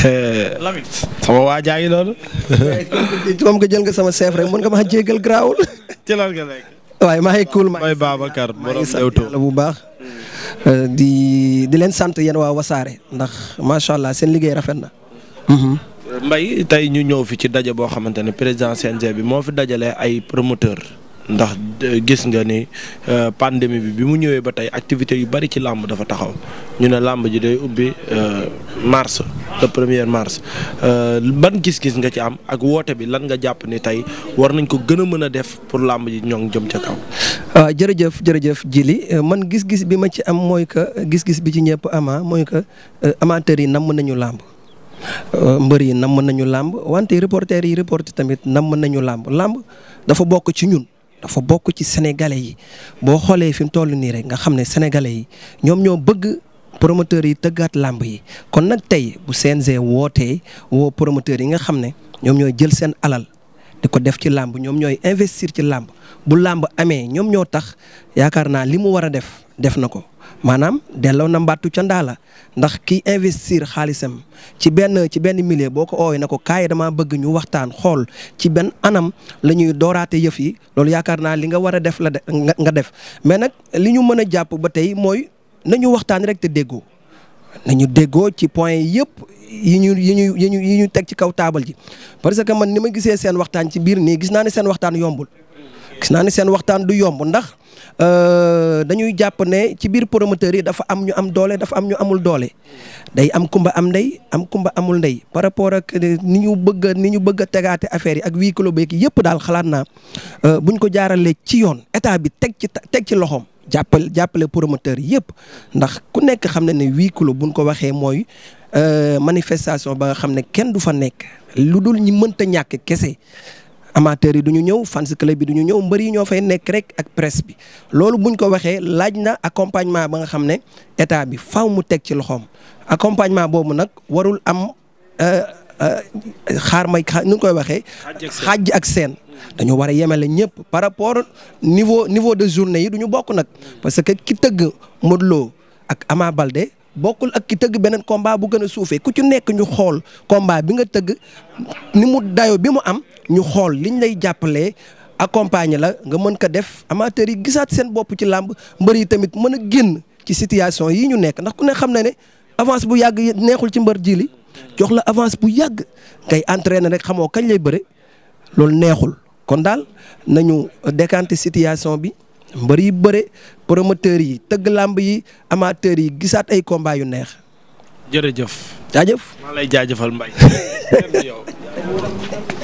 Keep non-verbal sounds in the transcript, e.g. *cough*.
*laughs* Lamine sama waajaa yi loolu. moom *laughs* nga jël nga sama chef rek mën nga maa jégal garaawul. *laughs* ci lan waaye maa ngi cool maa ngi bu baax. Euh, di di leen sant yéen waa wasaare ndax macha allah seen liggéey rafet na. Mhm. Mbaye tey ñu ñëw fi ci daje boo xamante ne président CNG bi moo fi dajalee ay promoteur ndax euh, gis nga ni euh, pandémie bi bi mu ñëwee ba tey activité yu bari ci làmb dafa taxaw ñu ne làmb ji day ubbi euh, mars le premier mars ban gis-gis nga ci am ak woote bi lan nga jàpp ni tey war nañ ko gën a mën a def pour làmb ji ñoŋ jëm ca kaw. waaw ah, jërëjëf jërëjëf Jili man gis-gis bi ma ci am mooy que gis-gis bi ci ñëpp ama ah, mooy que amateurs yi namm nañu làmb. mbër yi namm nañu làmb wante reporter yi reporter tamit namm nañu làmb làmb dafa bokk ci ñun. dafa bokk ci sénégalais yi boo xoolee fi mu toll nii rek nga xam ne sénégalais yi ñoom ñoo bëgg promoteurs yi tëggaat làmb yi kon nag tey bu CNG wootee woo promoteurs yi nga xam ne ñoom ñooy jël seen alal di ko def ci làmb ñoom ñooy investir ci làmb bu làmb amee ñoom ñoo tax yaakaar naa li mu war a def def na ko maanaam delloo na mbattu ca la ndax kiy investir xaalisam ci benn ci benn milieu boo ko oowee na ko kaay damaa bëgg ñu waxtaan xool ci benn anam la ñuy dooraate yëf yi loolu yaakaar naa li nga war a def la de nga def mais nag li ñu mën a jàpp ba tey mooy nañu waxtaan rek te déggoo nañu déggoo ci point yëpp yi ñu yi ñu yi ñu yi ñu teg ci kaw taabal ji parce que man ni ma gisee seen waxtaan ci biir nii gis naa ne seen waxtaan yombul gis naa ni seen waxtaan du yomb ndax euh, dañuy jàpp ne ci biir promoteurs yi dafa am ñu am doole dafa am ñu amul doole day am kumba am ndey am kumba amul ndey par rapport ak euh, ni ñu bëgg ni ñu bëgg a tegaate affaire yi ak huis clos beeg yëpp daal xalaat naa euh, bu ñu ko jaaralee ci yoon état bi teg ci teg ci loxoom. jàppale jàppale promoteur yëpp ndax ku nekk xam na ne huis bu ñu ko waxee mooy manifestation ba nga xam ne kenn du fa nekk lu dul ñi mënta ñàkk kese. amateurs yi du ñu ñëw fans club bi du ñu ñëw mbëri yi ñoo fay nekk rek ak presse bi loolu buñ ko waxee laaj na accompagnement ba nga xam ne état bi faw mu teg ci loxoom accompagnement boobu nag warul am euh, euh, xaar may nu koy waxee. xaaj ak seen dañu war a yemale ñëpp par rapport niveau niveau de journée yi du ñu bokk nag parce que ki tëgg Modou ak Ama Balde. bokkul ak ki tëgg beneen combat bu gën a suufee ku ci nekk ñu xool combat bi nga tëgg ni mu dayo bi mu am ñu xool liñ lay jàppale accompagner la nga mën ko def amateur yi gisaat seen bopp ci làmb mbër yi tamit mën a génn ci situation yi ñu nekk ndax ku ne xam na ne avance bu yàgg neexul ci mbar mbër jili jox la avance bu yàgg ngay entraîner rek xamoo kañ lay bëre loolu neexul kon daal nañu décanter situation bi mbër yi bëre promoteurs yi tëgg làmb yi amateurs yi gisaat ay combat yu neex. jërëjëf. jaajëf lay jaajëfal Mbaye. *laughs*